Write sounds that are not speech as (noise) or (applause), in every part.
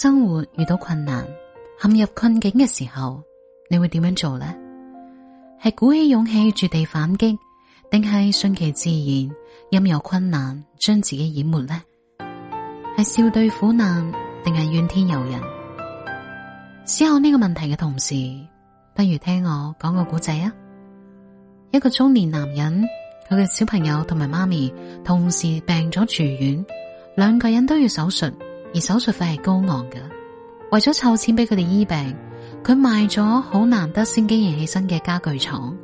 生活遇到困難，陷入困境嘅時候，你會點樣做呢？係鼓起勇氣，絕地反擊，定係順其自然，任由困難將自己淹沒呢？係笑對苦難，定係怨天尤人？思考呢個問題嘅同時，不如聽我講個古仔啊！一個中年男人，佢嘅小朋友同埋媽咪同時病咗住院，兩個人都要手術。而手術費係高昂嘅，為咗湊錢俾佢哋醫病，佢賣咗好難得先經營起身嘅家具廠。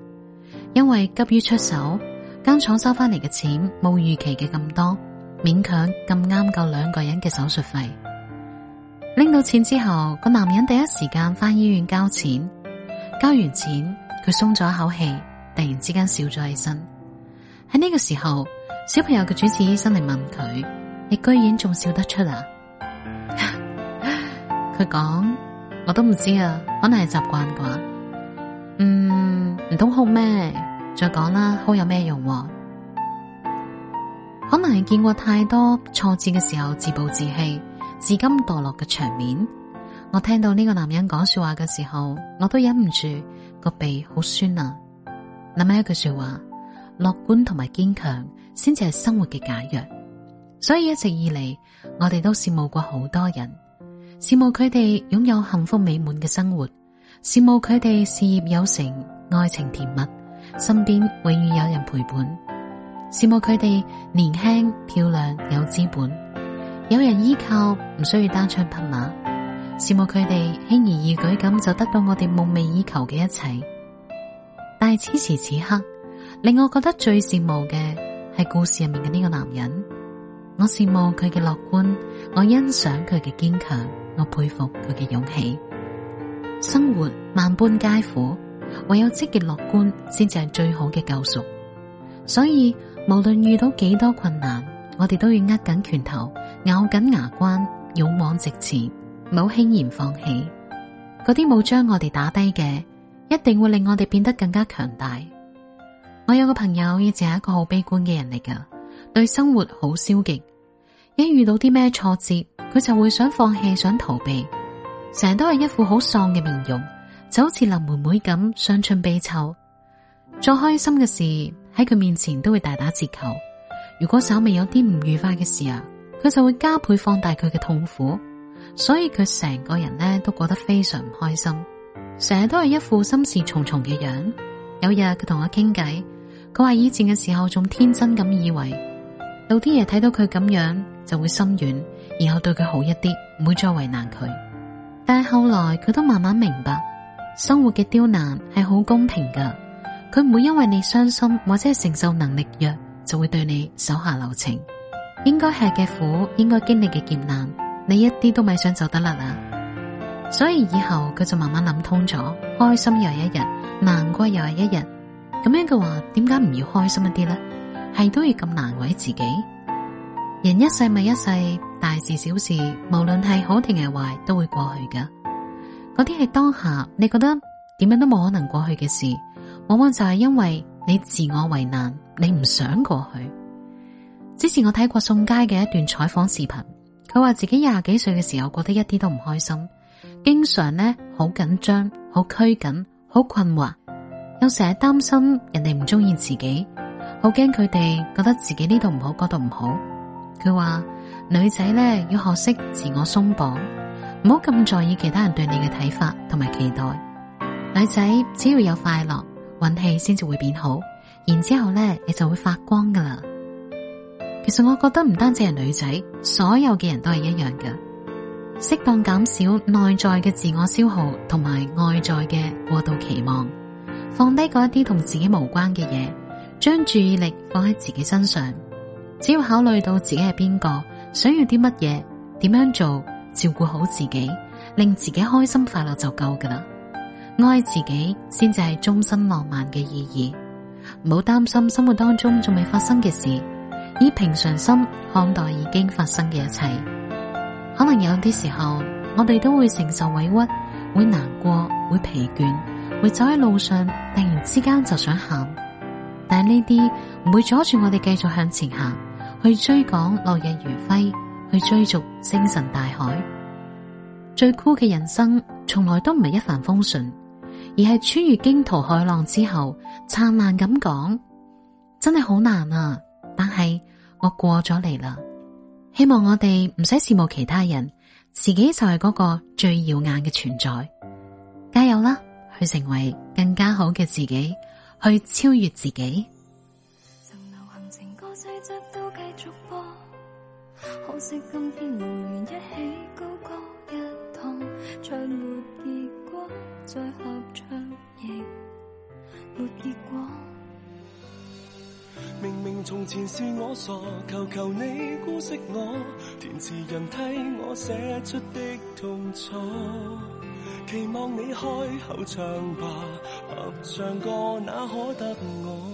因為急於出手，間廠收翻嚟嘅錢冇預期嘅咁多，勉強咁啱夠兩個人嘅手術費。拎到錢之後，個男人第一時間翻醫院交錢，交完錢佢鬆咗一口氣，突然之間笑咗起身。喺呢個時候，小朋友嘅主治醫生嚟問佢：你居然仲笑得出啊！佢講我都唔知啊，可能係習慣啩。嗯，唔通哭咩？再講啦，哭有咩用啊？可能係見過太多挫折嘅時候自暴自棄，自甘墮落嘅場面。我聽到呢個男人講說話嘅時候，我都忍唔住個鼻好酸啊！諗起一句說話：樂觀同埋堅強先至係生活嘅解藥。所以一直以嚟，我哋都羨慕過好多人。羨慕佢哋擁有幸福美滿嘅生活，羨慕佢哋事業有成、愛情甜蜜，身邊永遠有人陪伴，羨慕佢哋年輕漂亮有資本，有人依靠唔需要單槍匹馬，羨慕佢哋輕而易舉咁就得到我哋夢寐以求嘅一切。但係此時此刻，令我覺得最羨慕嘅係故事入面嘅呢個男人，我羨慕佢嘅樂觀，我欣賞佢嘅堅強。我佩服佢嘅勇氣。生活萬般皆苦，唯有積極樂觀先至係最好嘅救贖。所以無論遇到幾多困難，我哋都要握緊拳頭，咬緊牙關，勇往直前，唔好輕言放棄。嗰啲冇將我哋打低嘅，一定會令我哋變得更加強大。我有個朋友以前係一個好悲觀嘅人嚟噶，對生活好消極。一遇到啲咩挫折，佢就會想放棄、想逃避，成日都係一副好喪嘅面容，就好似林妹妹咁，傷春悲秋。做開心嘅事喺佢面前都會大打折扣。如果稍微有啲唔愉快嘅事啊，佢就會加倍放大佢嘅痛苦，所以佢成個人咧都過得非常唔開心，成日都係一副心事重重嘅樣。有日佢同我傾偈，佢話以前嘅時候仲天真咁以為老天爺睇到佢咁樣。就會心軟，然後對佢好一啲，唔會再為難佢。但係後來佢都慢慢明白，生活嘅刁難係好公平噶，佢唔會因為你傷心或者係承受能力弱，就會對你手下留情。應該吃嘅苦，應該經歷嘅劫難，你一啲都咪想走得甩啦。所以以後佢就慢慢諗通咗，開心又係一日，難過又係一日。咁樣嘅話，點解唔要開心一啲呢？係都要咁難為自己？人一世咪一世，大事小事，無論係好定係壞，都會過去噶。嗰啲係當下你覺得點樣都冇可能過去嘅事，往往就係因為你自我為難，你唔想過去。之前我睇過宋佳嘅一段採訪視頻，佢話自己廿幾歲嘅時候，覺得一啲都唔開心，經常呢好緊張、好拘謹、好困惑，有時係擔心人哋唔中意自己，好驚佢哋覺得自己呢度唔好，嗰度唔好。佢話女仔咧要學識自我鬆綁，唔好咁在意其他人對你嘅睇法同埋期待。女仔只要有快樂，運氣先至會變好。然之後咧，你就會發光噶啦。其實我覺得唔單止係女仔，所有嘅人都係一樣嘅。適當減少內在嘅自我消耗，同埋外在嘅過度期望，放低嗰一啲同自己無關嘅嘢，將注意力放喺自己身上。只要考慮到自己係邊個，想要啲乜嘢，點樣做，照顧好自己，令自己開心快樂就夠㗎喇。愛自己先至係終身浪漫嘅意義。唔好擔心生活當中仲未發生嘅事，以平常心看待已經發生嘅一切。可能有啲時候，我哋都會承受委屈，會難過，會疲倦，會走喺路上，突然之間就想喊，但係呢啲唔會阻住我哋繼續向前行，去追趕落日餘暉，去追逐星辰大海。最酷嘅人生從來都唔係一帆風順，而係穿越驚濤駭浪之後燦爛咁講。真係好難啊！但係我過咗嚟啦。希望我哋唔使羨慕其他人，自己就係嗰個最耀眼嘅存在。加油啦！去成為更加好嘅自己，去超越自己。繼續播，可惜今天無緣一起高歌一趟，再沒結果，再合唱亦沒結果。明明從前是我傻，求求你姑息我，填詞人替我寫出的痛楚，期望你開口唱吧，合唱歌哪可得我？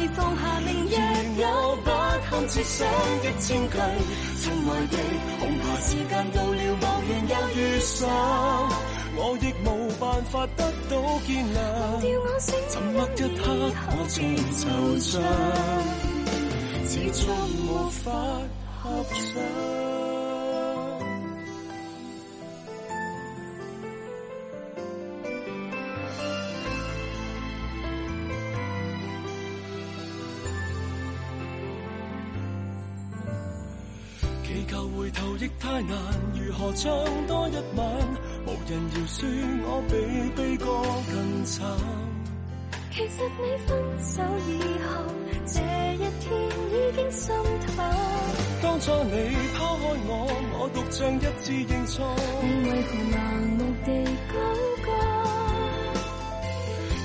設想的千句，親愛的，恐怕時間到了，某天又遇上，我亦無辦法得到見諒。沉默一刻，我最惆悵，始終無法合上。 (noise) 只求回頭亦太難，如何唱多一晚？無人饒恕我比比，比悲歌更慘。其實你分手以後，這一天已經心淡。當初你拋開我，我獨唱一次認錯。你為何麻木的高歌？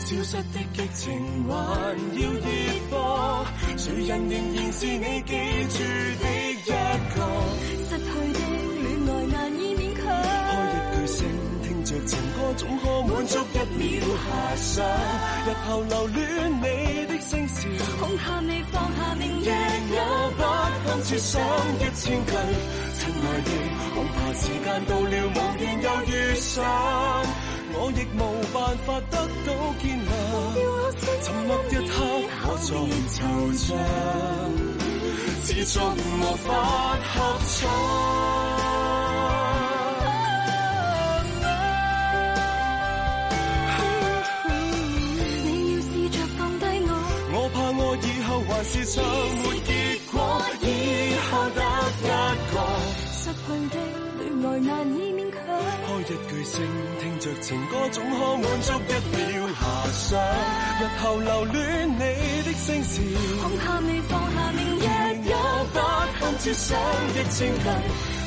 消失的激情還要熱播，誰人仍然是你記住的？一個失去的戀愛難以勉強，開一句聲，聽着情歌總可滿足一秒遐想。日後留戀你的聲線，恐怕你放下明日，我不敢設想一千句親愛的，恐怕時間到了無緣又遇上，我亦無辦法得到堅強。沉默一刻。我在惆悵。召召召召始終無法合襯。你要試着放低我，我怕我以後還是上沒結果，以後得一個。失去的戀愛難以勉強，開一句聲，聽着情歌總可滿足一秒遐想。日後留戀你的聲線，恐怕未放下另一。不堪設想一千句，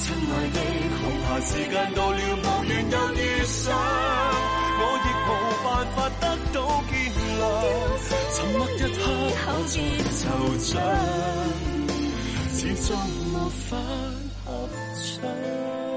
親愛的恐怕時間到了無緣又遇上，我亦無辦法得到見諒。沉默一刻我最惆悵，始終無法合襯。